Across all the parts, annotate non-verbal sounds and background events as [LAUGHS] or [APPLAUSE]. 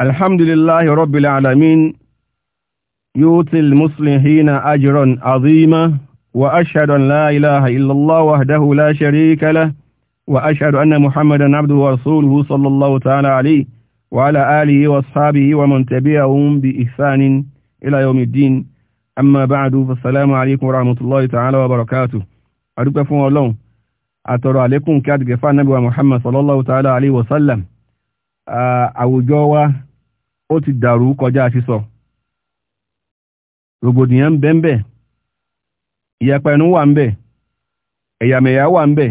الحمد لله رب العالمين يؤتي المصلحين أجرا عظيما وأشهد أن لا إله إلا الله وحده لا شريك له وأشهد أن محمدا عبده ورسوله صلى الله تعالى عليه وعلى آله وأصحابه ومن تبعهم بإحسان إلى يوم الدين أما بعد فالسلام عليكم ورحمة الله تعالى وبركاته أدوك فون الله أترى عليكم كاتب جفا النبي محمد صلى الله تعالى عليه وسلم àwùjọ آه، wa ó ti dàrú kọjá sísọ rògbòdìyàn ń bẹ ń bẹ ìyapa ẹnu wà ń bẹ ẹ̀yàmẹ̀yà wà ń bẹ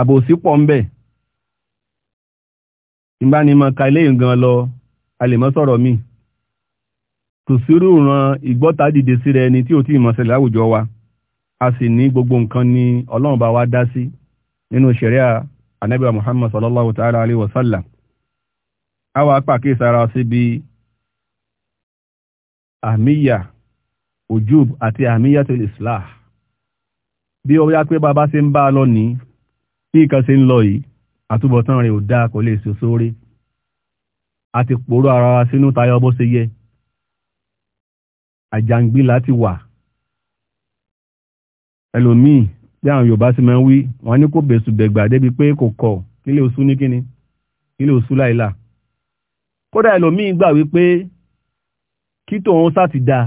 àbòsí pọ̀ ń bẹ ìbánimọ̀ ka ilé gan lọ a lè mọ́ sọ̀rọ̀ mi kò sírù ran ìgbọ́ta dìde sí rẹ ni tí ò tí ìmọ̀sẹ̀lẹ̀ àwùjọ wa a sì ní gbogbo nǹkan ni ọlọ́run bá wa dá sí nínú ṣẹ̀ríà ànábì Muhammad sallallahu ta'ala alaihi wasallam a wá pàkíyèsí ara síbi àmìyà ojúb àti àmìyà tó islah bí ó yá pé bàbá ṣe ń bá a lọ ní bí nǹkan ṣe ń lọ yìí àtúbọ̀tán rẹ̀ ò dáa kò lè ṣe sórí a ti pòórọ̀ ara wa sínú tayọ bó ṣe yẹ àjàngbí láti wà ẹlòmíì bí àwọn yorùbá sì máa ń wí wọn ní kò bẹ̀sù débi pé kò kọ̀ kí lè oṣù ní kíni kí lè oṣù láìláà kódà ẹlòmíín gbà wípé kí tòun sá ti dáa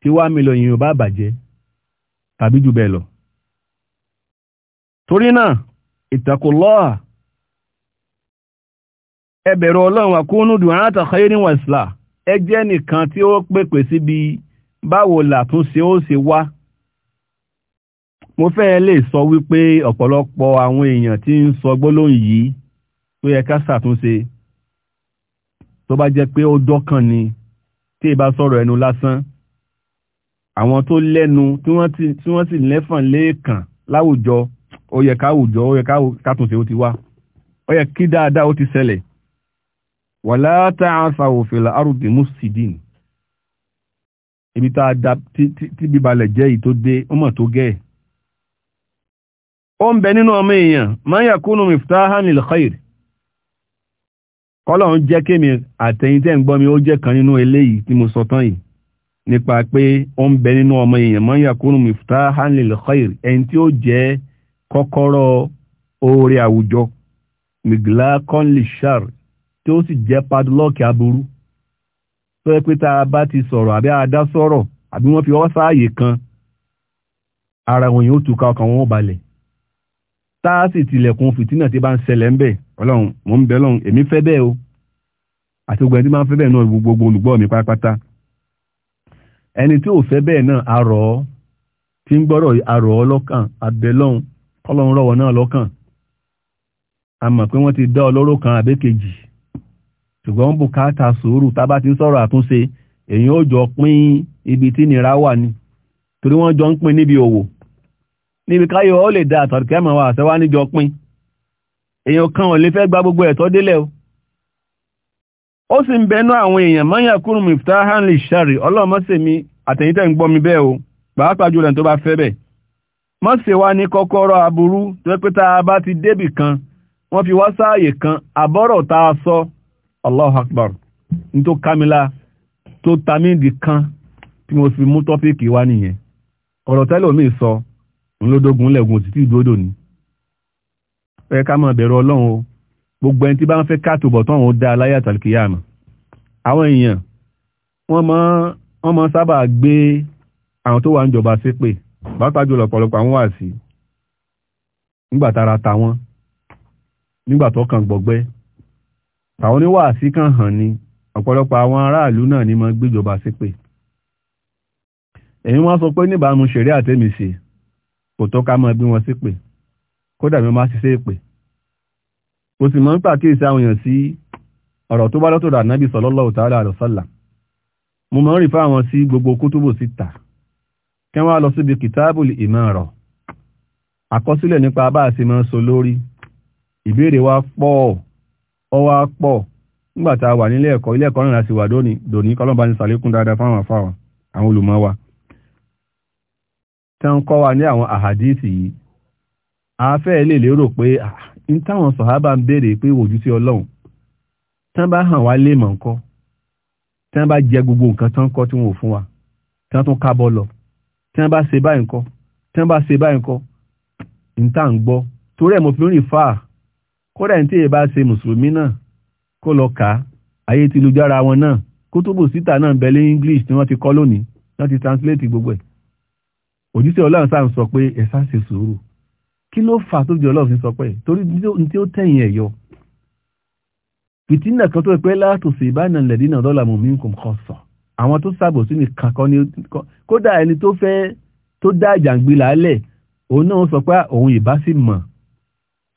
tí wá mi lọ ìyìn ò bá bàjẹ́ tàbí jù bẹ́ẹ̀ lọ torí náà ìtàkùlọ́à ẹ bẹ̀rù ọlọ́run àkúnnú du'ata khairin wa islah ẹ jẹ́ nìkan tí ó pèpè síbi báwo làtúnṣe ó ṣe wá mo fẹ́ lè sọ wípé ọ̀pọ̀lọpọ̀ àwọn èèyàn tí ń sọ gbólóhùn yìí tó yẹ ká ṣàtúnṣe tó bá jẹ́ pé ó dọ́kàn ni tí ì bá sọ̀rọ̀ ẹnu lásán àwọn tó lẹ́nu tí wọ́n sì lẹ́fàn léèkàn láwùjọ ó yẹ káwùjọ ó yẹ kátùnṣe ó ti wá ó yẹ kí dáadáa ó ti ṣẹlẹ̀ wàlá tá a fa òfin arúgbìn mùsídìn ibi tá a da tí bíbalẹ̀ jẹ́ yìí tó dé ó mọ̀ tó gẹ́ ó ń bẹ nínú ọmọ èèyàn máa yà kúnnù mìftáhánil khair kọ́lọ́run jẹ́ kémi àtẹ̀yìn tẹ́ ń gbọ́ mi ó jẹ́ kan nínú eléyìí tí mo sọ tán yìí nípa pé ó ń bẹ nínú ọmọ èèyàn mọ́ yakunu miftahan lil khair ẹni tí ó jẹ́ kọ́kọ́rọ́ oore àwùjọ miglaqan lishar tí ó sì jẹ́ padlock aburú tó yẹ pé tá a bá ti sọ̀rọ̀ àbí a sọ̀rọ̀ àbí wọ́n fi ọwọ́ sáàyè kan ara òyìn ó túká ọkàn wọn ó balẹ̀ táàsì tilẹ̀kùn fìtínà tí bá ń ṣẹlẹ̀ ń bẹ̀ ọlọ́run mò ń bẹ̀ ọlọ́run èmi fẹ́ bẹ́ẹ̀ o àti gbogbo ẹni tí máa ń fẹ́ bẹ́ẹ̀ náà gbogbo olùgbọ́ mi pátápátá ẹni tí ò fẹ́ bẹ́ẹ̀ náà arọ̀ ọ́ tí ń gbọ́rọ̀ arọ̀ ọ́ lọ́kàn abẹ́lọ́run kọ́lọ́run rọ̀wọ́ náà lọ́kàn a mọ̀ pé wọ́n ti dá ọlọ́rọ̀ kan àbẹ́kejì ṣùgbọ́n bùkátà sùúrù tábà ti sọ̀rọ̀ àtúnṣe èyí ó jọ pín ibi tí nira wà ni torí wọ́n jọ ń pín níbi òwò níbi káyọ̀ ó lè da àtọ̀rọ̀kẹ́ mọ̀ wà àṣẹwá níjọ pín èèyàn kan ò lè fẹ́ gba gbogbo ẹ̀tọ́ délẹ̀ o ó sì ń bẹnu àwọn èèyàn mọ́yà kúrò mìftá hanley shari ọlọ́mọ́sẹ̀mí àtẹ̀yìntẹ̀ ń gbọ́ bẹ́ẹ̀ o pàápàá jùlọ tó bá fẹ́ bẹ̀ mọ́sẹ̀ ní kọ́kọ́rọ́ aburú tó pé ńlódógún lẹ́gùn òtítì ìdúródò ni ẹ ká máa bẹ̀rù ọlọ́run o gbogbo ẹni tí bá ń fẹ́ káàtó bọ̀ tán òun dá aláyà tàlùkìyà àmọ́ àwọn èèyàn wọ́n máa ń sábà gbé àwọn tó wà ń jọba ṣépè pàápàá jùlọ ọ̀pọ̀lọpọ̀ àwọn wà sí nígbà tára ta wọn nígbà tó kàn gbọgbẹ́ àwọn oníwàásí kan hàn ni ọ̀pọ̀lọpọ̀ àwọn aráàlú náà ni máa gbéjọba ṣépè èyí wọ́n sọ pé níbàámu ṣeré àtẹ́mìsì kò tó ká mọ́ bí wọn sí pè kódà mi máa ṣiṣẹ́ pè kò sì mọ́ ń pàkíyèsí àwọn èèyàn sí ọ̀rọ̀ tó bá lọ́tọ̀dọ̀ ànábì sallallahu ta'ala alaihi wasallam mo mọ́ ń rí fáwọn sí gbogbo kútùbù síta kí wọ́n á lọ síbi kìtáàbùl ìmọ̀ràn àkọsílẹ̀ nípa bá a ṣe máa ń so lórí ìbéèrè wa pọ̀ ọ wa pọ̀ nígbà tá a wà nílé ẹ̀kọ́ ilé ẹ̀kọ́ náà sì wà dóní dòní kọ́lọ́mbà tí wọ́n kọ́ wa ní àwọn àhàdíìsì yìí afẹ́ lè lérò pé n táwọn sọ̀hábà ń béèrè pé wòjú sí ọlọ́run tí wọ́n bá hàn wá lè mọ̀ ńkọ́ tí wọ́n bá jẹ gbogbo nǹkan tí wọ́n kọ́ tí wọ́n ò fún wa tí wọ́n tún kábọ̀ lọ tí wọ́n bá ṣe báyìí ńkọ́ tí bá ṣe báyìí ńkọ́ n tá ń gbọ́ torí ẹ̀ mo fi ń rìn fáà kódà ní tí èyí bá ṣe mùsùlùmí náà kó lọ kà á ayé ti jára wọn náà kútùbù síta náà ń English tí wọ́n ti kọ́ lónìí wọ́n ti translate gbogbo ẹ̀ òjíṣẹ́ ọlọ́run sáà ń sọ pé ẹ sá ṣe sùúrù kí ló fà tó di ọlọ́run fi sọ pé torí tí ó tẹ̀yìn ẹ̀ yọ fìtínà kan tó pé látòsí ìbánà lẹ̀dínà dọ́là mọ̀ mí kò kọ́ sọ àwọn tó sábò sí ní kankan ní kódà ẹni tó fẹ́ tó dá àjàǹgbé lálẹ̀ òun náà sọ pé òun ìbá sì mọ̀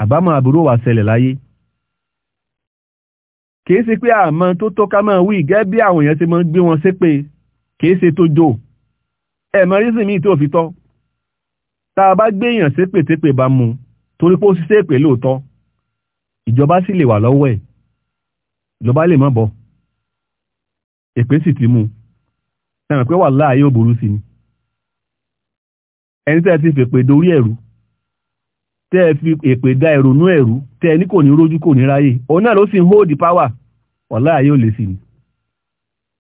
àbámọ̀ àbúrò wà ṣẹlẹ̀ láyé kìí ṣe pé àmọ́ tó tọ́ka máa wí gẹ́gẹ́ bí àwọn èèyàn ti máa ń gbé wọn ṣépè kìí ṣe tó jò ẹ̀mọ́ rísìn míì tó fi tọ́ tá a bá gbéyàn sí pètépè bá mu torí pé ó ṣiṣẹ́ èpè lóòótọ́ ìjọba sì lè wà lọ́wọ́ ẹ̀ ìjọba lè má bọ̀ èpè sì ti mú ẹ̀mọ̀ pé wà láàyè ò burú sí ni ẹni tẹ́ ti fèpè dorí ẹ̀rú tẹ́ ẹ fi èpè da ìrònú ẹ̀rú tẹ́ ẹ ní kò ní rójú kò ní ráyè òun náà ló sì ń hold power wà láàyè ò lè sí ni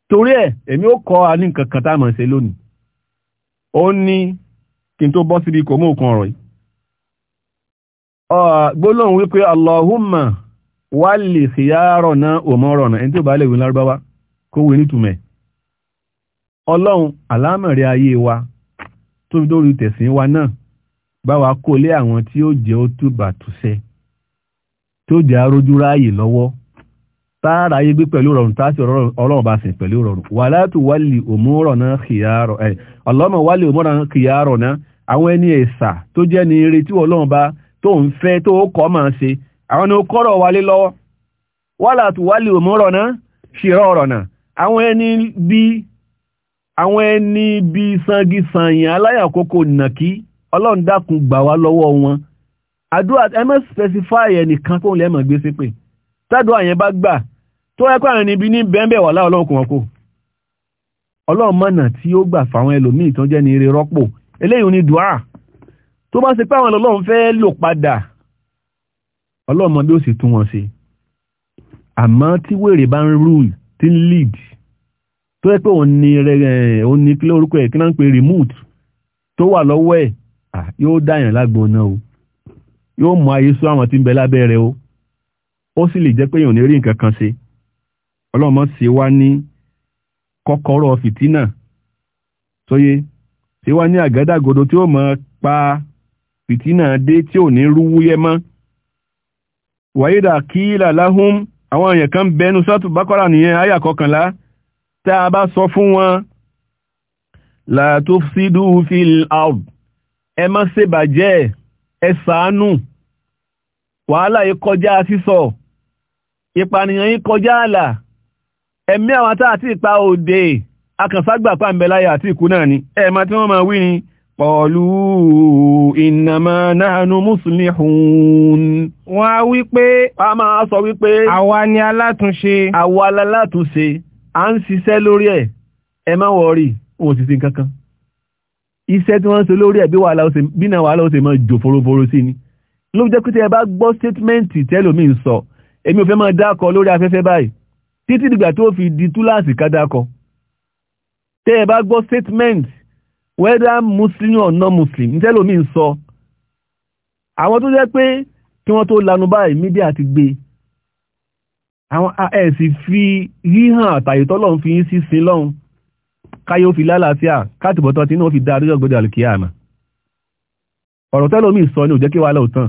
torí ẹ̀ èmi ó kọ́ a nǹkan kan tá a mọ̀ ṣe lónìí ó ní kí n tó bọ́ sí kò mú òkun ọ̀rọ̀ yìí gbólóhùn wípé Allahumma wálì síyárọ̀ náà náà ẹni tí ó bá lè wí lárúbáwá kó wí nítùmẹ̀ ọlọ́run ayé wa tó fi dórí tẹ̀sìn wa náà bá wa kó lé àwọn tí ó jẹ́ ó túbà túṣẹ́ tí ó jẹ́ arójú lọ́wọ́ táàrà ayé gbé pẹ̀lú rọrùn táàsì ọlọ́run bá sìn pẹ̀lú rọrùn wà látò wálì òmúrọ̀ náà kìyàrọ̀ ẹ̀ ọlọ́mọ wálì òmúrọ̀ náà kìyàrọ̀ náà àwọn ẹni ẹ̀sà tó jẹ́ ní eré tí ọlọ́run bá tó ń fẹ́ tó kọ́ máa ṣe àwọn ni ó kọ́rọ̀ wálé lọ́wọ́ wà látò wálì òmúrọ̀ náà ṣìrọ̀ ọ̀rọ̀ náà àwọn ẹni bí àwọn ẹni bí sangisanyìn aláyàkókò nàkí ọlọ́run dákun gbà wá lọ́wọ́ wọn àdúrà ẹ má specify ẹnìkan kóun tádùá yẹn bá gbà tó yẹ pé àrùn ibi ní bẹ́ẹ̀bẹ̀ wà láwọn ọlọ́run kò wọ́n kò ọlọ́run mọ̀nà tí ó gbà fáwọn ẹlòmíì tó jẹ́ ní eré rọ́pò eléyìí ní dùá tó bá ṣe pé ọlọ́run fẹ́ lò padà ọlọ́run bí ó sì tún wọn ṣe àmọ́ tí wèrè bá ń rule tí ń lead tó yẹ pé òun ni òun ni kílé orúkọ ẹ̀ kí náà ń pè remote tó wà lọ́wọ́ ẹ̀ yóò dáyàn lágbóná o yóò mú ayé sọ àwọn tí ń bẹ lábẹ́ rẹ̀ o ó sì lè jẹ́ pé èèyàn ní rí nǹkan kan ṣe ọlọ́mọ ṣe wá ní kọ́kọ́rọ́ fìtínà tóyé ṣe wá ní àgádágodo tí ó mọ̀ pa fìtínà dé tí ò ní rúwúyẹ mọ́ wàyídà kíílà láhùn àwọn èèyàn kan bẹnu sọ́tù bákọ́rà nìyẹn àyà kọkànlá tá a bá sọ fún wọn látúfsídú fil ard ẹ má ṣèbàjẹ́ ẹ ṣàánú wàhálà yìí kọjá sísọ ìpànìyàn yín kọjá àlà ẹ̀mí àwọn tá àti ìpa òde akànfàgbà pàǹbẹ̀láyà àti ìkú náà ni ẹ̀ẹ̀mà tí wọ́n máa wí ni pọ̀lú ìnàmà náànú muslihun wọ́n á wí pé a máa sọ wípé àwa ni alátúnṣe àwa alátúnṣe à ń ṣiṣẹ́ lórí ẹ̀ ẹ má wọrí òun ti sin kankan iṣẹ́ tí wọ́n ń ṣe lórí ẹ̀ bí náà wàhálà ó ṣe máa jò foroforo sí ni ló jẹ́ pé tí ẹ bá gbọ́ statement tẹ́lòmíì sọ èmi ò fẹ́ máa dákọ lórí afẹ́fẹ́ báyìí títí dìgbà tó fi di túláàsì ká dákọ tẹ́ ẹ bá gbọ́ statement whether muslim or non-muslim ní tẹ́lómi ń sọ àwọn tó jẹ́ pé kí wọ́n tó lanu báyìí mídíà ti gbé àwọn ẹ̀sì fi ríhàn àtàyètọ́ lọ́hun fi yín sí sin lọ́hun káyó fi lálàáfíà káàtìbọ̀tán tí náà fi dá àdójọ́ gbọ́dọ̀ àlùkìyà àmà ọ̀rọ̀ tẹ́lómi sọ ní òjẹ́kíwá lóòótán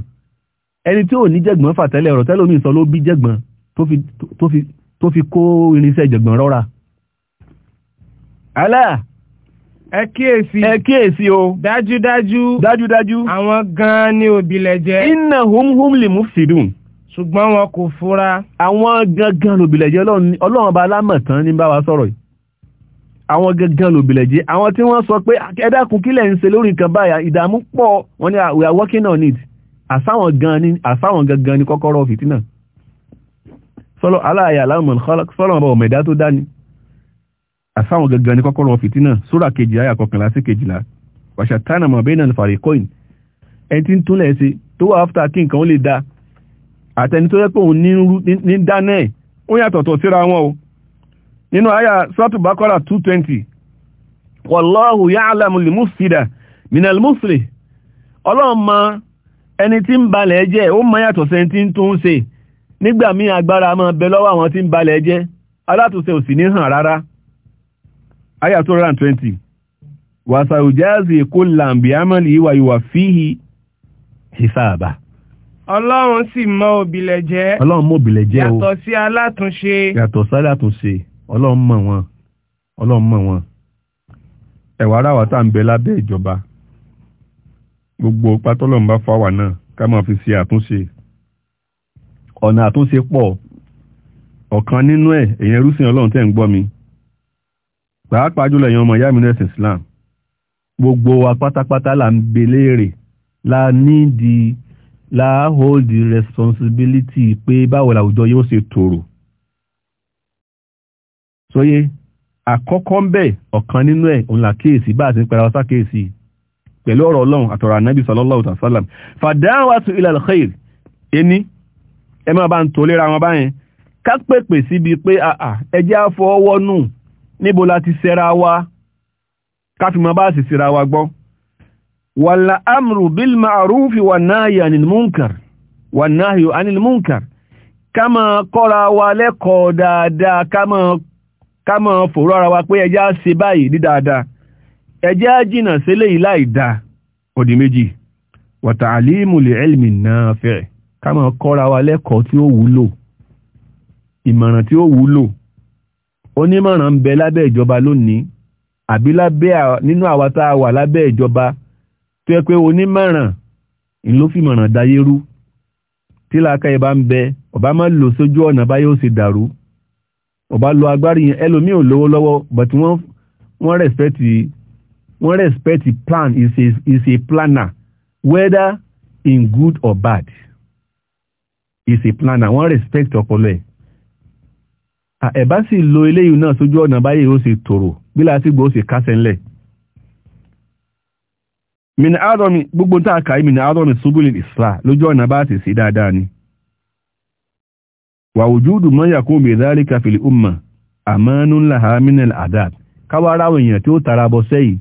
ẹni tí ò ní jẹ̀gbọ́n fàtẹ́lẹ̀ ọ̀rọ̀ tẹ́lẹ̀ omi sọ ló bí jẹ̀gbọ́n tó fi kó irinṣẹ́ jẹ̀gbọ́n rọ́ra. alá ẹ kíyèsí ẹ kíyèsí o dájúdájú dájúdájú àwọn gan-an ni òbílẹ̀ jẹ́ iná humhum lè mú fìdùn ṣùgbọ́n wọn kò fura àwọn gangan lòbílẹ̀ jẹ́ ọlọ́run ọba alámọ̀tán ní bá wa sọ̀rọ̀ yìí àwọn gangan lòbílẹ̀ jẹ́ àwọn tí wọ́n sọ pé ẹ dákun kílẹ̀ ń ṣe lórí nǹkan báyà ìdààmú pọ̀ wọ́n ní we are working on it àsáwọn gangan ni kọ́kọ́rọ́ fìtínà sọ́lọ́ aláàyà aláàmọ̀n sọ́lọ́ ọmọ ẹ̀dá tó dání àsáwọn gangan ni kọ́kọ́rọ́ fìtínà sóra kejì ayà kọkànlá sí kejìlá wàṣàtánà mọ̀bẹ́nà fàríkọ́ìn ẹni tí ń túnlẹ̀ sí tó wà áfítà kí nǹkan ó lè da àtẹni tó yẹ pé òun ní dáná ẹ̀ ó yàtọ̀tọ̀ síra wọn o nínú ayà sọ́tù bákọ́rà 220 wallahu ya'lamu al-mufsida min al-muslih ọlọ́run máa ẹni tí ń balẹ̀ jẹ́ ó mọ̀ yàtọ̀ sẹ́ni tí ń tún ṣe nígbà míì agbára máa bẹ lọ́wọ́ àwọn tí ń balẹ̀ jẹ́ alátúnṣe ò sì ní hàn rárá aya 220 wàsàùjáàzì kó làǹbì ámàlì ìwà ìwà fíhì ìsáàbà ọlọ́run sì mọ̀ òbílẹ̀ jẹ́ ọlọ́run mọ̀ òbílẹ̀ jẹ́ yàtọ̀ sí alátúnṣe yàtọ̀ sí alátúnṣe ọlọ́run mọ̀ wọn ọlọ́run mọ̀ wọn ẹ̀wà ara wa tá ń bẹ lábẹ́ ìjọba gbogbo pátọ́lọ̀ ń bá fáwà náà ká máa fi ṣe àtúnṣe ọ̀nà àtúnṣe pọ̀ ọ̀kan nínú ẹ̀ èyàn rúsìn ọlọ́run tẹ́ ń gbọ́ mi pàápàá jùlọ èyàn ọmọ ìyá mi nẹ́sìn Islam gbogbo wa pátápátá là ń beléèrè la nídi la hold the responsibility pé báwo làwùjọ yóò ṣe tòrò sóyé àkọ́kọ́ ń bẹ̀ ọ̀kan nínú ẹ̀ òun là kíyèsí bá a ti ń pẹ̀lú ọsá kíyèsí pẹ̀lú ọ̀rọ̀ ọlọ́run àtọ̀rọ̀ ànábì sallallahu alaihi wasallam fàdáwàtú ila al-khair ẹni ẹ máa bá ń tó lera wọn báyẹn ká pèpè síbi pé àà ẹjẹ́ àfọwọ́nù níbo la ti sẹ́ra wa káfí máa bá sì sẹ́ra wa gbọ́ wàlà amru bil ma'ruf wà náàyè ẹjẹ́ jìnà sílẹ̀ yìí ìdá dáa méjì wàtà náà fẹ̀rẹ̀ ká kọ́ra wa lẹ́kọ̀ọ́ tí ó wúlò ìmọ̀ràn tí ó wúlò onímọ̀ràn ń bẹ lábẹ́ ìjọba lónìí àbí lábẹ́ nínú àwa tá a wà lábẹ́ ìjọba tó yẹ pé onímọ̀ràn dayérú tí làákà ìbá ń bẹ ọba wọ́n respect plan is a, is a planner whether in good or bad is a planner wọ́n respect ọpọlọ ẹ̀ ẹ̀bá sì lo eléyìí náà sójú ọ̀nà báyìí ó sì tòrò bí lásìgbò ó sì kásẹ̀ ńlẹ̀ mìnà àádọ́mi gbogbo tá a kàí mìnà àádọ́mi súbúlì ìsra lójú ọ̀nà bá sì sí dáadáa ni wà òjúdù kó mi dhalika fil umma àmánú ńlá ha minel adab káwárá àwọn èèyàn tí ó tara bọ́ sẹ́yìí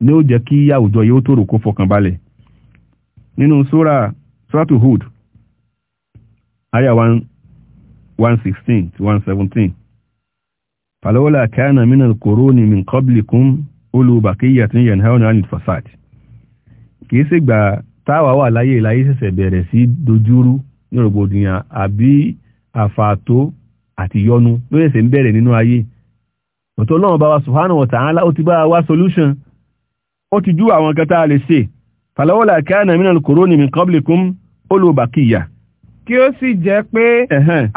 ní ó jẹ́ kí àwùjọ yóò tòrò kó fọkàn balẹ̀ nínú sóra sóràtù aya 116 to 117 falola kana min koroni quruni min qablikum ulu baqiyatin yanhauna 'anil fasad kìí sì gbà táwa wà láyé ìláyé ṣẹ̀ṣẹ̀ bẹ̀rẹ̀ sí dojúrú ní rògbòdìyàn àbí àfààtó àti yọnu ló ṣẹ̀ṣẹ̀ ń bẹ̀rẹ̀ nínú ayé ọ̀tọ̀ Ọlọ́run bá wa subhanahu wa ta'ala ó ti bá wa solution ó ti jú àwọn kẹta lè ṣe fàlọ́wọ́lá kana minal quruni min qablikum ulu baqiya kí ó sì jẹ́ pé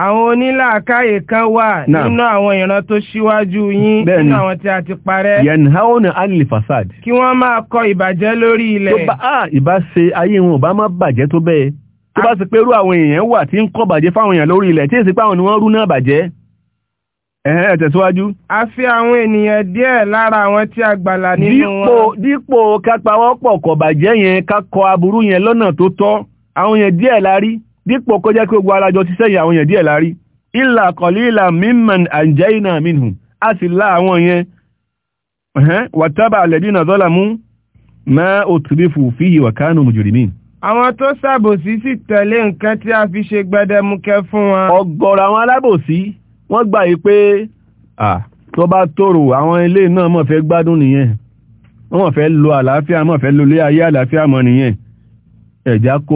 àwọn onílàákàyè kan wà nínú àwọn ìran tó ṣíwájú yín nínú àwọn tí a ti parẹ́. yanhauna anil fasad. kí wọ́n máa kọ ìbàjẹ́ lórí ilẹ̀. tó bá a ìbá ṣe ayé wọn ò bá má bàjẹ́ tó bẹ́ẹ̀ tó bá ti ah. pé irú àwọn èèyàn wà tí ń kọ́ bàjẹ́ fáwọn èèyàn lórí ilẹ̀ tí èsì pé àwọn ni wọ́n rú náà bàjẹ́ ẹ̀hẹ́ ẹ tẹ̀síwájú. a fi àwọn ènìyàn díẹ̀ lára àwọn tí a gbàlà nínú wọn. dípò kápáwọ́pọ̀ kọ̀bàjẹ́ yẹn kákọ aburú yẹn lọ́nà tó tọ́ àwọn yẹn díẹ̀ la rí dípò kó jẹ́ pé gbogbo ara jọ ṣiṣẹ́ yẹn àwọn yẹn díẹ̀ la rí. ìlà kọ̀lílà mímọ̀n àǹjẹ́yìnà mìíràn a sì la àwọn yẹn. wàtábà àlẹ́dínà zọ́là mú máa òtúbífù fíyì wàkánù mùjùrìmí àwọn tó ṣàbòsí sì tẹ̀lé nǹkan tí a fi ṣe gbẹdẹmukẹ fún wọn. ọ̀gọ̀rọ̀ àwọn alábòsí wọ́n gbà yí pé tó bá tòrò àwọn ilé náà mọ̀ fẹ́ gbádùn nìyẹn wọ́n fẹ́ lo àlàáfíà mọ̀ fẹ́ lo ilé ayé àlàáfíà mọ̀ nìyẹn ẹ̀já kó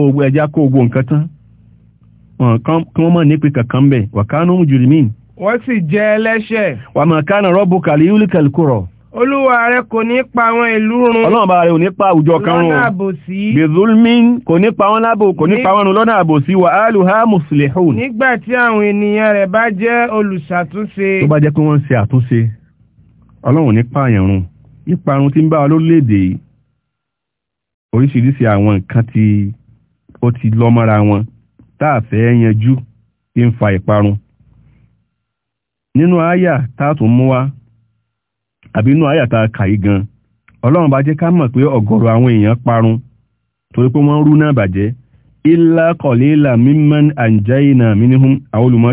ogbó nǹkan tán kí wọ́n mọ̀ nípe kankan bẹ̀ wàkánú jùlímìn. wọ́n sì jẹ́ ẹlẹ́ṣẹ̀. wàmọ̀kánà rọ́bù kàlíyúlì kẹ̀lkúrọ̀ olúwa rẹ kò ní pa àwọn ìlú run ọlọ́run bá rẹ ò ní pa àwùjọ kan run lọ́nà àbòsí bezulmin kò ní pa wọn lábò kò ní pa wọn run lọ́nà àbòsí wa aluha muslihun nígbà tí àwọn ènìyàn rẹ̀ bá jẹ́ olùṣàtúnṣe tó bá jẹ́ pé wọ́n ń ṣe àtúnṣe ọlọ́run ní pààyàn run ìparun tí ń bá wa lórílẹ̀-èdè yìí oríṣiríṣi àwọn nǹkan tí ó ti lọ mọ́ra wọn tá a fẹ́ yanjú tí ń fa ìparun nínú àyà tá mú wá àbí inú àyàtà kàí gan ọlọ́run bá jẹ́ ká mọ̀ pé ọ̀gọ̀rọ̀ àwọn èèyàn parun torí pé wọ́n rú náà bàjẹ́ illa qalila mimman anjayna minhum àwọn olùmọ̀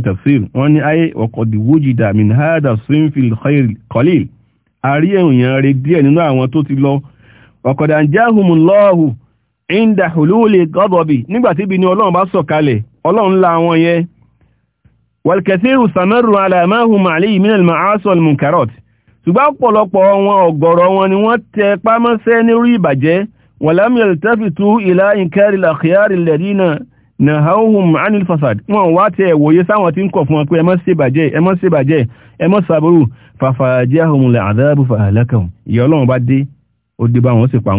wọ́n ní ayé ọ̀kọ̀dì wujida min hada sinfil qalil àrí èèyàn rẹ̀ díẹ̀ nínú àwọn tó ti ṣùgbọ́n ọ̀pọ̀lọpọ̀ wọn ọ̀gọ̀rọ̀ wọn ni wọ́n tẹ pámọ́sẹ́ nírú ìbàjẹ́ wọ́n lámìlẹ̀ tẹ́fìtú ìlà ìkẹ́rì làkíyàrì lẹ́dínà na hauhun anil fasad wọn wá tẹ ẹ̀wòye sáwọn tí ń kọ̀ fún wọn pé ẹmọ́ sí bàjẹ́ ẹmọ́ sí bàjẹ́ ẹmọ́ sàbúrú fàfàjẹ́ ahùn lè àdáàbù fàhàlákàun ìyà ọlọ́run bá dé ó dé bá wọn sì pa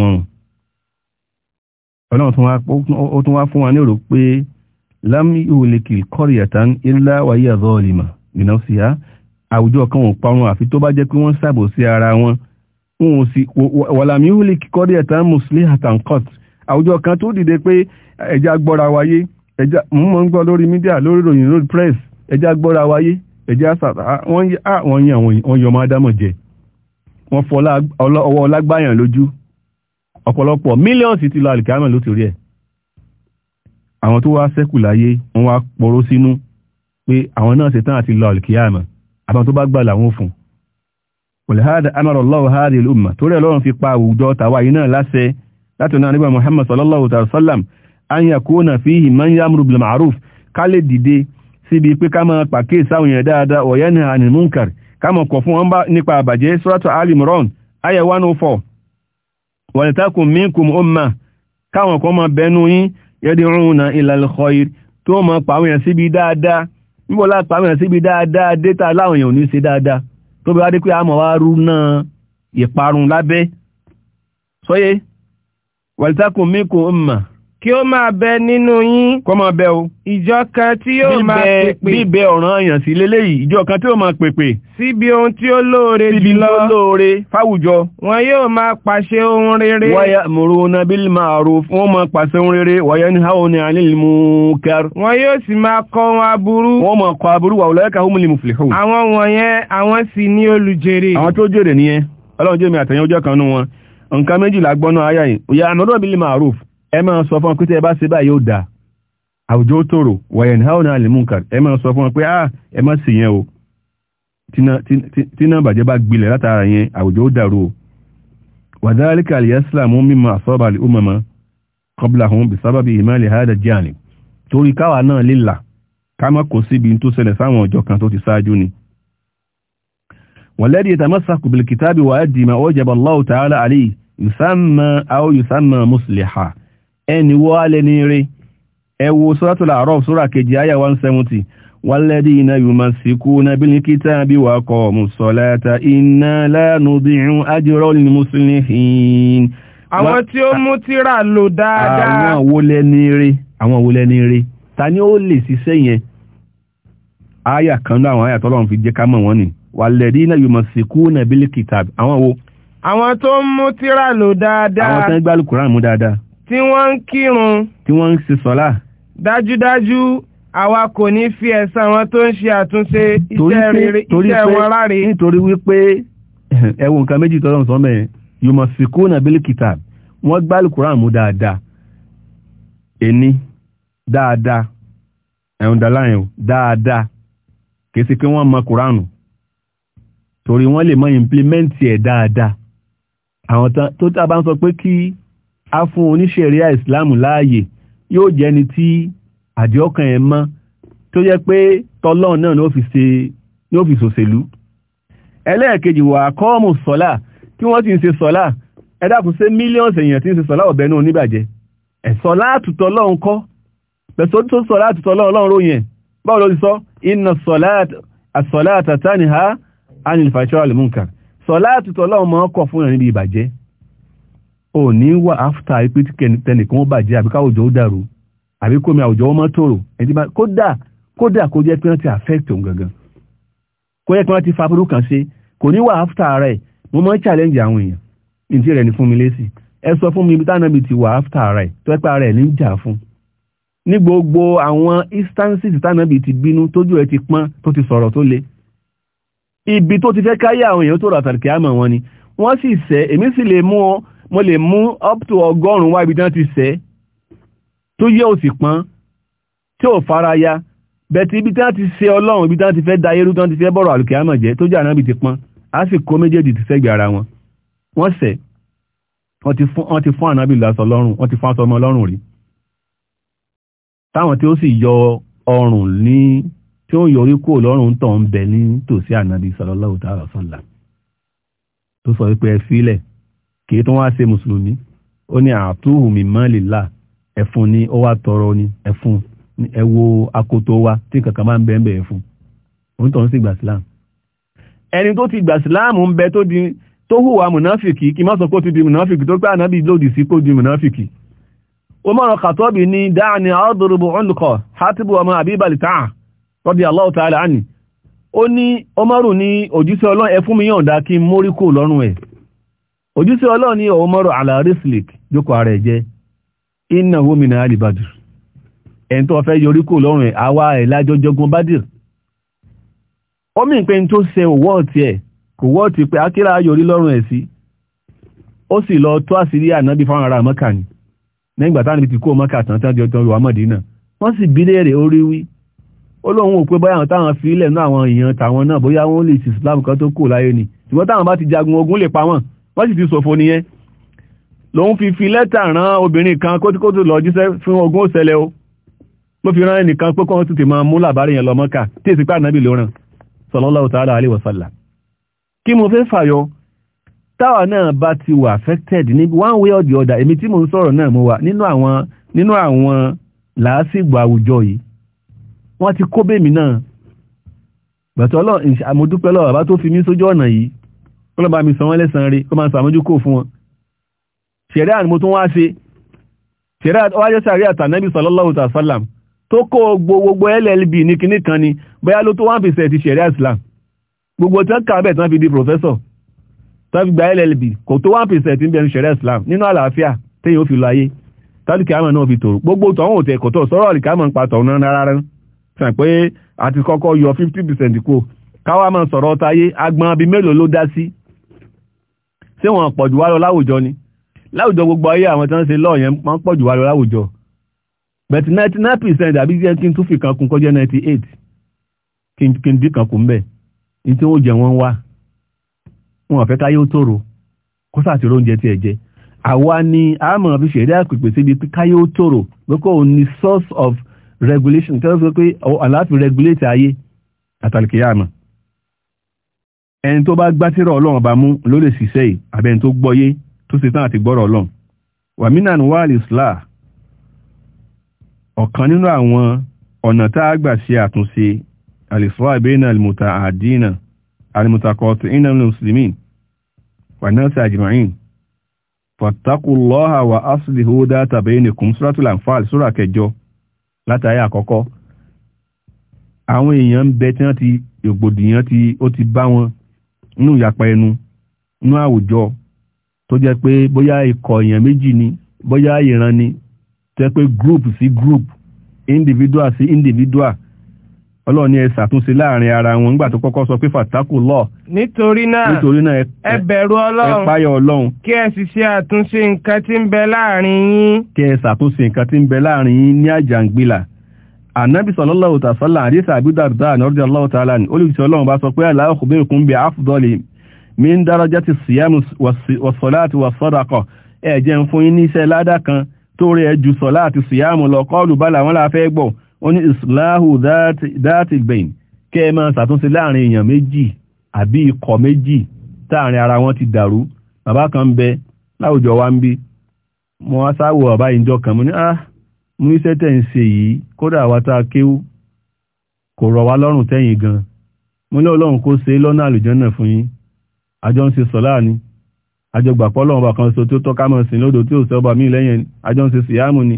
àwùjọ kan ò parun àfi tó bá jẹ́ pé wọ́n ṣàbò sí ara wọn wọn ò sì wàlàmí húlì kíkọ́ díẹ̀ tán muslim hatan court àwùjọ kan tó dìde pé ẹja gbọ́ra wáyé ẹja mọ́ ń gbọ́ lórí mídíà lórí ròyìn road press ẹja gbọ́ra wáyé ẹja wọ́n yí àwọn yọmọ adámọ̀ jẹ wọ́n fọ ọwọ́ ọlágbáyàn lójú ọ̀pọ̀lọpọ̀ mílíọ̀nù ti lọ àlìkámẹ̀ ló ti rí ẹ̀ àwọn tó wá sẹ́kù láyé wọ́n wá pọ̀rọ̀ sínú pé àwọn náà ṣetán àti lọ àlìkámẹ̀ àbá tó bá gbà làwọn fún olùhádà amárọ̀lọ́wọ̀ hádì ìlúmà tó rẹ̀ lọ́rùn fi pa àwùjọ tàwa iná láṣẹ láti náà nígbà Muhammad sallallahu alaihi wasallam an yakuna fihi man yamuru bil ma'ruf ká lè dìde síbi pé ká máa pàkíyèsí àwọn èèyàn dáadáa ọ̀yẹ́nì àní munkar ká máa kọ̀ fún wọn nípa àbàjẹ́ suratu Ali Imran aya 104 walitakun minkum umma káwọn kan máa bẹnu yín yad'una ila al-khair tó máa pa àwọn síbi dáadáa níbo láti pàmì ẹ̀ síbi dáadáa dẹ́ta láwọn èèyàn ò ní ṣe dáadáa tó bí wá dé pé àmọ̀ wá rú náà ìparun lábẹ́ sọ́yé wàlítákùn mí kò ń mà kí ó máa bẹ nínú yín kó máa bẹ o ìjọ kan tí yóò máa pèpè bíbẹ ọ̀ràn àyàn sí leléyìí ìjọ kan tí yóò máa pèpè síbi ohun tí ó lóore jùlọ síbi ó lóore fáwùjọ wọn yóò máa pàṣẹ ohun rere wáyà mòrónà bíl ma'ruf wọn máa pàṣẹ ohun rere wáyà ní àwọn ní anil munkar wọn yóò sì máa kọ́ wọn aburú wọn máa kọ́ aburú wà ulaika humul muflihun àwọn wọ̀nyẹn àwọn sì ní olùjèrè àwọn tó jèrè nìyẹn ọlọ́run jẹ́ mi àtẹ̀yìn ọjọ́ kan nú wọn nǹkan méjìlá gbọ́nà ayá yìí òyà àmọ́dọ̀ bíl ma'ruf ẹ máa sọ fún ọ pé tẹ́ ẹ bá ṣe báyìí ó dáa àwùjọ tòrò wàyẹn ní àwọn àlè múnkà ẹ máa sọ fún ọ pé ah ẹ má sì yẹn o tí náà bàjẹ́ bá gbilẹ̀ látara yẹn àwùjọ ó dàrú o wàdálíkà àlè islam mímọ àsọ́bà àlè umama kọbla bí sábàbí ìmáàlì hada jáàni torí káwa náà lè là ká síbi tó ṣẹlẹ̀ sáwọn ọjọ́ kan tó ti ṣáájú ni والذي يتمسك بالكتاب ويؤدي ما وجب الله تعالى عليه يسمى أو يسمى مصلحا ẹni wọ́ alẹ́ ní rí ẹwọ suratul A'raf sura kejì àyà 170 walladhina yumassikuna bil kitabi wa aqamus salata inna la nudi'u ajral muslihin àwọn tí ó mú tírà lò dáadáa àwọn ní àwọn ta ni lè ṣiṣẹ́ yẹn Aya kan àwọn tó ń tí wọ́n ń kírun tí wọ́n ń ṣe sọ́lá dájúdájú àwa kò ní fi ẹ̀san wọn tó ń ṣe àtúnṣe iṣẹ́ wọn láre. nítorí wípé [LAUGHS] ẹ̀wọ̀n nǹkan méjì tọ́lọ́ sọ́mẹ̀ yomọ̀ fikú na bílí kìtà wọ́n gbá alukuran mú dáadáa ẹni dáadáa ẹ̀hún dáláyìn dáadáa kìí sí pé wọ́n mọ kuranu torí wọ́n lè mọ ìmplimẹ́ǹtì ẹ̀ dáadáa àwọn tó tá a bá ń sọ pé kí a fún oníṣẹ̀ríà islam láàyè yóò jẹ́ni tí àdíọ́kàn ẹ̀ mọ́ tó yẹ pé tọ́lọ́n náà ní ó fi ṣòṣèlú ẹlẹ́ẹ̀kejì wà kọ́ọ̀mù sọ́lá tí wọ́n ti ń ṣe sọ́lá ẹ̀dàkùn sí mílíọ̀nsì èèyàn tí ń ṣe sọ́lá ọ̀bẹ náà oníbàjẹ́ ẹ̀sọ́ látùtọ́ lọ́n kọ́ pẹ̀sọ́ tó sọ látùtọ́ sọ́lá àtàtà ha anil fàṣọ́ àlùmùnkà sọ́lá àtùtọ́ lọ́n mọ́ ọkọ̀ ò ní wà áfítà ipé tí tẹnìkan ó bàjẹ́ àbíká òjò ó dàrú àbí kómi àwùjọ ó mọ́ tòrò kódà kódà kó jẹ́ pé wọ́n ti affect òun gangan kó jẹ́ pé wọ́n ti fa burú kan ṣe kò ní wà áfítà rẹ̀ mo máa ń challenge àwọn èèyàn ìdí rẹ̀ ni fún mi lésì ẹ sọ fún mi ibi táwọn ibi ti wà áfítà rẹ̀ tó ẹ́ pa rẹ̀ ní jà fún ní gbogbo àwọn instances táwọn ibi ti bínú tójú ẹ ti pọ́n tó ti sọ̀rọ̀ tó le ibi tó ti fẹ́ káyé àwọn èèyàn tó rà tàbí kí á mọ̀ wọn ni wọ́n sì sẹ́ èmi sì lè mú ọ mo lè mú up to ọgọ́rùn-ún wá ibi tí wọ́n ti sẹ́ tó yẹ òsì pọ́n tí ò fara ya bẹ̀tí ibi tí wọ́n ti ṣe ọlọ́run ibi tí wọ́n ti fẹ́ da irú tí wọ́n ti fẹ́ bọ̀rọ̀ àlùkè àmọ̀ jẹ́ tó jẹ́ àná ibi ti pọ́n á sì kó méjèèjì ti sẹ́gbẹ̀ẹ́ ara wọn wọ́n sẹ̀ wọ́n ti fún ànábì lásọ lọ́rùn wọ́n ti fún aṣọ ọmọ lọ́rùn rí táwọn tí ó sì yọ ọrùn ní tí ó ń yọrí kúrò lọ́rùn tàn ń bẹ ní tòsí ànábì sallallahu ta'ala sallam tó sọ wípé ẹ sílẹ̀ kìí í wá mùsùlùmí ó ní ẹ̀fún ni ó wá tọrọ ni ẹ̀fún ẹ akoto wa tí kankan máa ń bẹ́ẹ̀ bẹ́ẹ̀ fún òun tó ń sì gbà tó ti gbà ń bẹ tó hùwà mùnáfìkì kí má sọ ti di mùnáfìkì tó pé ànábì lòdì sí di mùnáfìkì dáàni hátìbù ọmọ àbíbàlì táà Ó kò lọ́rùn ẹ̀. ojúṣe ọlọ́run ní ọ̀wọ́ mọ́rọ̀ alarislik jókòó ara ẹ̀ jẹ́ iná womina alibadir ẹni tó fẹ́ yorí kò lọ́rùn ẹ̀ àwa ẹ̀ lájọjọgún badir ó mì pé tó ṣe òwọ́ọ̀tì ẹ̀ kò wọ́ọ̀tì pé akíra yorí lọ́rùn ẹ̀ sí ó sì lọ tó àṣírí ànábì fáwọn ará mọ́kà ni nígbà táwọn ti kó mọ́kà tán tán di ọjọ́ ìwà mọ̀dínà wọ́n sì bí wọ́n sì ti sòfò nìyẹn lòun fi fi lẹ́tà rán obìnrin kan kótókótó lọ jíṣẹ́ fún ogún òṣẹlẹ̀ o ló fi rán ẹnìkan pé kọ́n tètè máa mú làbárí yẹn lọ Mọ́kà tí èsì pàdánù bí ló ràn sallallahu ta'ala wa kí mo fẹ́ fàyọ táwa náà bá ti wà affected ní one way or the other èmi tí mo ń sọ̀rọ̀ náà mo wà nínú àwọn nínú àwọn làásìgbò àwùjọ yìí wọ́n ti kó bèmí náà bàtọ́ lọ àmọ́dúpẹ́ lọ́wọ́ bàbá tó fi mí sójú ọ̀nà yìí kọ́lọ̀ bá mi sàn wọ́n lẹ́sàn rí kọ́ máa sàmójúkò fún wọn ṣẹ̀rẹ́ àni mo tún wá ṣe ṣẹ̀rẹ́ wájẹ́ sàrí àtànẹ́bí sallallahu ta'ala sallam tó kó gbogbo llb ní kinní kan ni bóyá ló tó 1% ti ṣẹ̀rẹ́ islam gbogbo tí wọ́n kà bẹ̀ tí fi di professor tí wọ́n fi gba llb kò tó 1% ń bẹnu ṣẹ̀rẹ́ islam nínú àlàáfíà téyìn ó fi lọ ayé tálùkì àmọ̀ náà fi tòrò gbogbo tọ̀hún òtẹ̀ kò tó sọ́rọ̀ àlìkà àmọ̀ ń pa tọ̀hún náà rárá sàn pé àti kọ́kọ́ máa sọ̀rọ̀ ọ̀tayé agbọn abí mélòó ló dá sí tí wọ́n pọ̀jù wá lọ láwùjọ ni láwùjọ gbogbo ayé àwọn tí wọ́n ṣe lọ́ọ̀yẹn máa ń pọ̀jù wá lọ láwùjọ bẹ̀tì 99 percent àbí jẹ́ kí n tún fi kan kún kọjá 98 kí n dín kan kún bẹ́ẹ̀ ní tí wọ́n jẹ wọ́n wá wọn àfẹ́ káyé ó tòrò kó sàti róúnjẹ tí ẹ jẹ àwa ni àmọ̀ fi ṣẹ̀dá àpèpè síbi káyé ó tòrò pé kò ní source of regulation kí wọ́n sọ pé àlàáfíà oh, regulate ayé àtàlùkìyà àmọ̀ ẹni tó bá gbátírọ̀ ọlọ́run bá mú ló lè ṣiṣẹ́ yìí àbẹ́ni tó gbọ́yé tó ṣe tán àti gbọ́rọ̀ ọlọ́run wàmínà ní wàhálì isla ọ̀kan nínú àwọn ọ̀nà tá a gbà ṣe àtúnṣe àlìsọ́ àbẹ́nà àlìmùtà àdínà àlìmùtà kọ̀ọ̀tù iná mùsùlùmí wànáṣà àjìmáyìn fàtàkùlọ́hà wà ásìlìhó dáta bẹ́ẹ̀nìkùn suratul anfal sura kẹjọ látàrí àkọ́kọ́ àwọn èèyàn ń bẹ tí wọ́n ti ògbòdìyàn tí ó ti bá wọn nínú ìyapa ẹnu nínú àwùjọ tó jẹ́ pé bóyá ikọ̀ èèyàn méjì ni bóyá ìran ni tó jẹ́ pé group sí group individual sí individual ọlọ́run ni ẹ ṣàtúnṣe láàrin ara wọn nígbà tó kọ́kọ́ sọ pé fàtákù lọ. nítorí náà nítorí náà ẹ bẹ̀rù ọlọ́run ẹ páyọ ọlọ́run. kí ẹ sì ṣe àtúnṣe nǹkan tí ń bẹ láàrin yín. kí ẹ ṣàtúnṣe nǹkan tí ń bẹ láàrin yín ní àjàngbìlà ànábì sallallahu ta'ala àdísà àbúdàrdà ànọ́rọ̀dì aláwọ̀tàlá ní olùsẹ̀ ọlọ́run bá sọ pé aláàkùnbẹ̀rẹ̀kún bí afdọ́lì min darajati siyamu wasolati wasodakọ ẹ̀jẹ̀ ń fún yín níṣẹ́ ládá kan tó rí ẹjù sọláti siyamu lọ kọlù bá làwọn láfẹ́ gbọ́ ó ní islahu dáàtì bẹ̀yìn kẹ́ ẹ máa ṣàtúnṣe láàrin èèyàn méjì àbí ikọ̀ méjì táàrin ara wọn ti dàrú bàbá kan ń bẹ wa ń mo wá sáwọ bàbá kan mo ní ah mú iṣẹ́ tẹ̀ ń ṣe yìí kódà àwa tá a kéwú kò rọ̀ wá lọ́rùn tẹ́yìn gan mo ní ọlọ́run kó ṣe lọ́nà àlùjànnà fún yín àjọ ń ṣe sọ̀lá ni àjọ gbàpọ̀ lọ́run ọba kan so tó tọ́ka mọ̀ sí lódò tí ò sọ ọba mí lẹ́yìn àjọ ń ṣe síyáàmù ni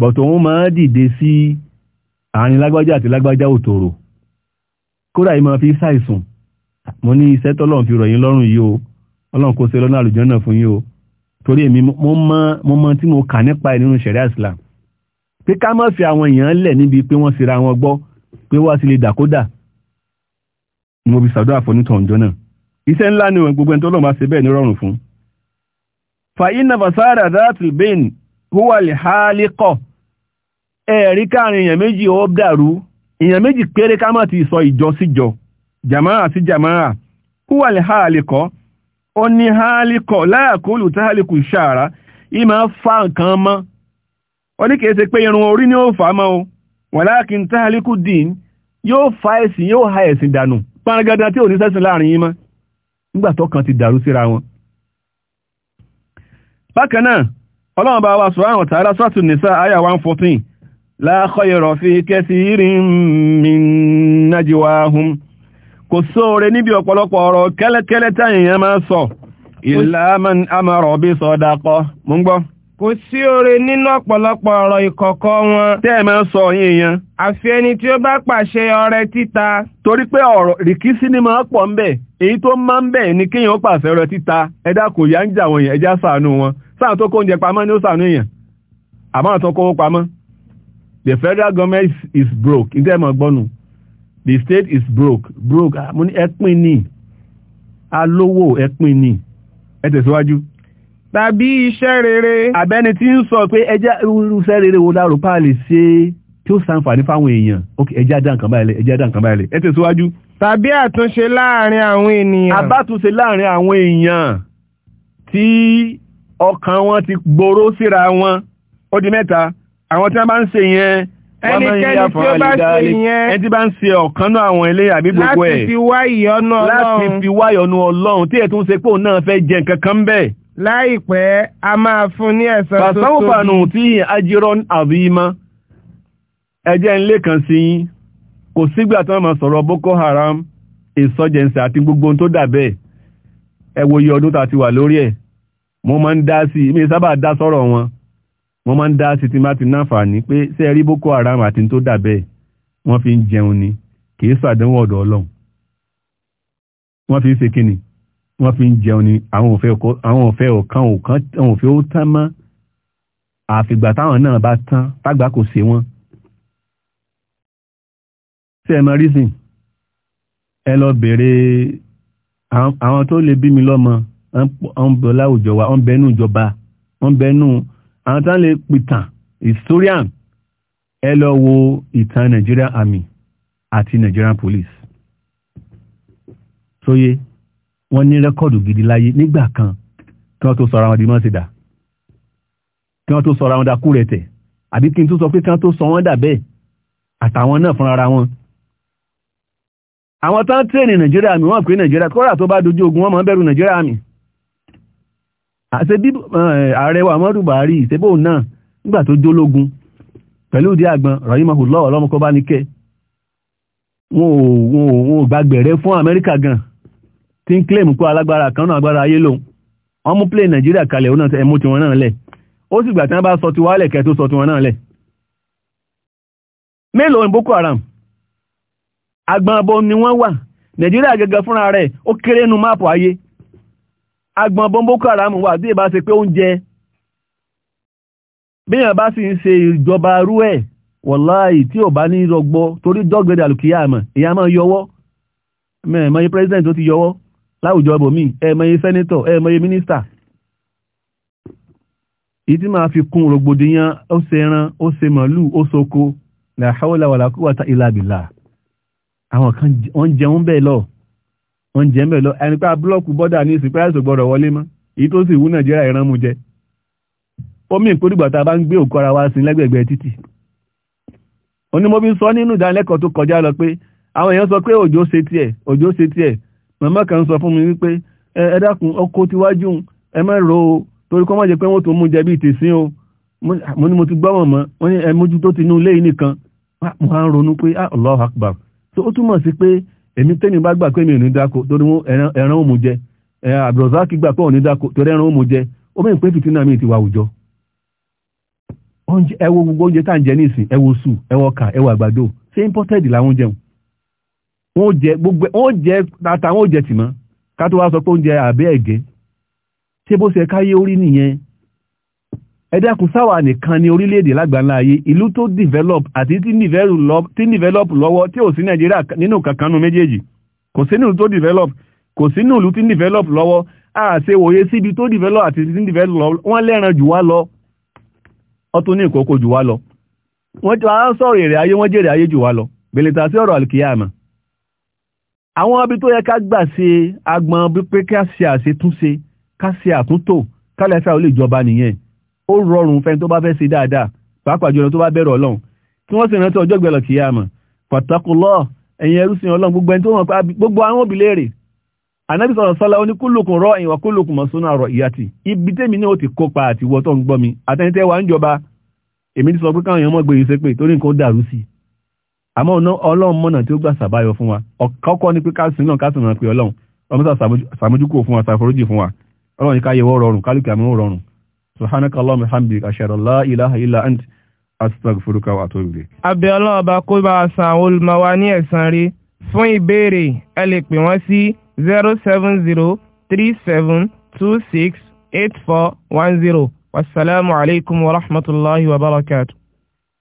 bọ̀tò òun máa dìde sí àárín lágbájá àti lágbájá òtòrò kódà yìí máa fi ṣàìsùn mo ní iṣẹ́ tọ́lọ́run fi rọ̀ yín lọ́rùn yìí o ọlọ́run kó ṣe lọ́nà àlùjànnà fún yín o torí èmi mo mọ tí mo kà nípa ẹ̀ nínú ṣẹ̀ríà Islam pé ká má fi àwọn èèyàn lẹ̀ níbi pé wọ́n sira wọn gbọ́ pé wá sí lè dàkódà ni mo fi ṣàdúrà fún nítorí náà iṣẹ́ ńlá ni wọn gbogbo ẹni tó lọ́nà bá ṣe bẹ́ẹ̀ ní rọrùn fún. fàyínà fasara zatul bain huwa lè ha lékọ̀ ẹ̀ẹ̀rí káàrin èèyàn méjì ó dàrú èèyàn méjì péré ká má ti sọ ìjọ síjọ jàmáà sí jàmáà huwa lè ha lékọ̀ ó ní ha lékọ̀ láàkólù táhálíkù ṣàrà ìmọ̀ fa nǹkan mọ́ ó ní kìí ṣe pé irun orí ni ó fà á mọ́ o yóò fa ẹ̀sìn yóò ha ẹ̀sìn dànù pàrọ̀gàdà tí ò ní sẹ́sìn láàrin yín mọ́ nígbà kan ti dàrú síra wọn. bákan náà ọlọ́run bá wa 114 kò sóore níbi ọ̀pọ̀lọpọ̀ ọ̀rọ̀ kẹ́lẹ́kẹ́lẹ́ táyìn yẹn máa sọ kò sí oore nínú ọ̀pọ̀lọpọ̀ ọ̀rọ̀ ìkọ̀kọ̀ wọn. tẹ́ máa ń sọ yín yan. àfi ẹni tí ó bá pàṣẹ ọrẹ títa. torí pé ọ̀rọ̀ rìkísí ni pọ̀ ń bẹ̀ èyí tó máa ń bẹ̀ ni kéèyàn ó pàṣẹ ọrẹ títa kò ń jà wọ̀n ẹja wọn sáà tó kó oúnjẹ pamọ́ ni ó yẹn àmọ́ kówó pamọ́. the federal government is, tàbí iṣẹ́ rere àbẹ́ni tí ń sọ pé ẹjẹ́ irúṣẹ́ rere wo lárò pa lè ṣe tí ó sàǹfààní fáwọn èèyàn ok ẹjẹ́ àdá nǹkan báyìí ẹjẹ́ àdá nǹkan báyìí ẹ tẹ̀síwájú. tàbí àtúnṣe láàrin àwọn ènìyàn. àbátúnṣe láàrin àwọn èèyàn tí ọkàn wọn ti gbòòrò síra wọn ó di mẹ́ta àwọn tí wọ́n bá ń ṣe yẹn ẹnikẹ́ni tí ó bá ṣe ìyẹn ẹni tí bá ń ṣe ọ̀kan náà àwọn ilé àbí gbogbo ẹ̀ láti fi wá ìyọ́nú ọlọ́run láti fi wá ìyọ́nú ọlọ́run tí ẹ̀ tún ṣe pé òun náà fẹ́ jẹ nǹkan kan bẹ́ẹ̀ láìpẹ́ a máa fún ní ẹ̀san tó tóbi. fàṣàwùfànù tí ajírọ́ àbímá ẹjẹ́ ńlé kan sí kò sígbà tí wọ́n Boko Haram insurgency àti gbogbo tó dàbẹ̀ ẹ ọdún tàti wà lórí ẹ̀ mo máa ń dá sí i mi sábà dá wọn mo máa ń dá sí ti ti pé ṣé Boko Haram àti tó wọ́n fi ń ni kì í ọ̀dọ̀ fi ń ṣe wọ́n fi ń jẹun ni àwọn òfẹ́ ọ̀kan òkan àwọn òfẹ́ ó tán mọ́ àfìgbà táwọn náà bá tán tágbà kò ṣe wọ́n sí ẹ̀mọ rísìn ẹ lọ bèèrè àwọn tó lè bí mi lọ́mọ wọ́n bẹ láwùjọ wa wọ́n bẹnú ìjọba wọ́n bẹnú àwọn tán lè pìtàn historian ẹ lọ wo ìtàn Nigerian Army àti Nigerian Police tó yé so, wọ́n ní rẹ́kọ̀dù gidi láyé nígbà kan kí wọ́n tó sọ ara wọn di da, kí wọ́n tó sọ ara wọn da kú rẹ̀ tẹ̀ àbí kí n tó sọ pé kí wọ́n tó sọ wọ́n dà bẹ́ẹ̀ àtàwọn náà fúnra ara wọn. àwọn tán tírèèni nàìjíríà mi wọ́n pè nàìjíríà kọ́ra tó bá dojú ogun wọn máa ń bẹ̀rù nàìjíríà mi. àṣẹ bí ààrẹ wa Muhammadu Buhari ìṣẹ́bò náà nígbà tó jólógun pẹ̀lú ìdí àgbọn rahimahullah ọlọ́mọkọ́ bá ní kẹ́ wọn ò gbàgbẹ̀rẹ̀ fún Amẹ́ríkà gan-an tí ń claim kó alágbára kan náà agbára ayé lòun wọ́n mú play Nàìjíríà kalẹ̀ òun náà ẹ̀mú náà lẹ̀ ó sì gbà tí bá sọ ti tó sọ náà lẹ̀. mélòó ni Boko Haram agbọ̀nbọ̀n ni wọ́n wà Nàìjíríà gẹ́gẹ́ fúnra rẹ̀ ó kéré nu máàpù ayé Boko Haram wà bí ìbá ṣe pé oúnjẹ bá sì ń ṣe ìjọba ẹ̀ wọ̀láì tí ò bá ní rọgbọ torí dọ́gbẹ̀dẹ̀ àlùkìyà àmọ̀ ìyá máa láwùjọ bòmí ẹmọye sẹ́nítọ̀ ẹmọye mínísítà ìdí máa fi kún rògbòdìyàn ó ṣe ẹran ó ṣe màálù ó ṣoko la hawla wala ìlàbìlà. àwọn kan wọ́n jẹun bẹ́ẹ̀ lọ wọ́n jẹun bẹ́ẹ̀ lọ ẹni búlọ́ọ̀kù bọ́dà ní èyí tó sì wú nàìjíríà ìran jẹ omi bá ń gbé òkú mama kan sọ fún mi wípé ẹ ọkọ tíwájú ẹ má o ó torí kọ́ má jẹ́ pé wọ́n tó mú o mo ní mo ti gbọ́ mọ̀mọ́ wọ́n ní ẹ tó ti inú ilé yìí nìkan ah, mo á ń ronú pé ah, Allahu Akbar so ó túmọ̀ sí pé èmi tẹ́mi bá gbà pé mi ò ní dáko torí ẹran ó mu jẹ Abdulrasaq gbà pé ò ní dáko torí gbogbo oúnjẹ tá à ń jẹ ẹ wo sùn ẹ ọkà ẹ wọ́n jẹ gbogbo wọ́n jẹ tata wọ́n jẹ tìmọ́ ká tó wá sọ pé oúnjẹ àbẹ́ ẹ̀gẹ́ ṣé bó ṣe káyé orí nìyẹn ẹ sáwà nìkan ni orílẹ̀-èdè lágbàlá ayé ìlú tó develop àti tí develop lọ́wọ́ tí ò sí nàìjíríà nínú kankanu méjèèjì kò sí nílùú tó develop kò sí nílùú tí develop lọ́wọ́ àṣe wòye síbi tó develop àti tí develop lọ́wọ́ wọ́n lẹ́ran jù wá lọ ọtún ní ìkókó jù wá lọ wọ́n ti wá sọ̀rọ̀ èrè ayé wọ́n jèrè ayé jù wá lọ bèlè tà sí ọ̀rọ̀ àlùkìyàmà àwọn ibi tó yẹ ká gbà ṣe agbọn pé ká ṣe àṣetúnṣe ká ṣe àtúntò kálẹ́fà ó lè jọba nìyẹn ó rọrùn fẹ́ni tó bá fẹ́ ṣe dáadáa pàápàá jùlọ tó bá bẹ̀rù ọlọ́run kí wọ́n sì rántí ọjọ́ ìgbẹ̀lọ̀ kìí àmọ̀ pàtàkùlọ́ ẹ̀yin ẹrú sin ọlọ́run gbogbo ẹni tó mọ̀ pé gbogbo àwọn òbí léèrè ànábì sọ̀rọ̀ sọ́lá ó ní kúlùkùn rọ ìwà kúlùkùn mọ̀ sónú àrọ̀ ìyàtì ibi tèmi ní ó ti kópa àti ìwọ ń gbọ́ mi àtẹnitẹ́ wa ń jọba èmi ti sọ pé káwọn èèyàn mọ̀ gbé yìí torí nǹkan ó dàrú sí i àmọ́ ọlọ́run mọ̀nà tí ó gbà sàbáyọ fún wa ọ̀kọ́kọ́ ni pé ká náà ká sì rántí ọlọ́run ọmọ sà sàmójúkò fún wa sàforójì fún wa ọlọ́run ní ká rọrùn kálukì àmì rọrùn subhanaka allahumma hamdika ashhadu an la ilaha illa ant astaghfiruka wa atubu ilayk. abẹ́ ọba kó bá san àwọn wa ní ẹ̀san rí fún ìbéèrè ẹ lè pè wọ́n sí zero seven zero three seven two six eight four one zero wasalaamualeykum wa rahmatulahi wa barakatu.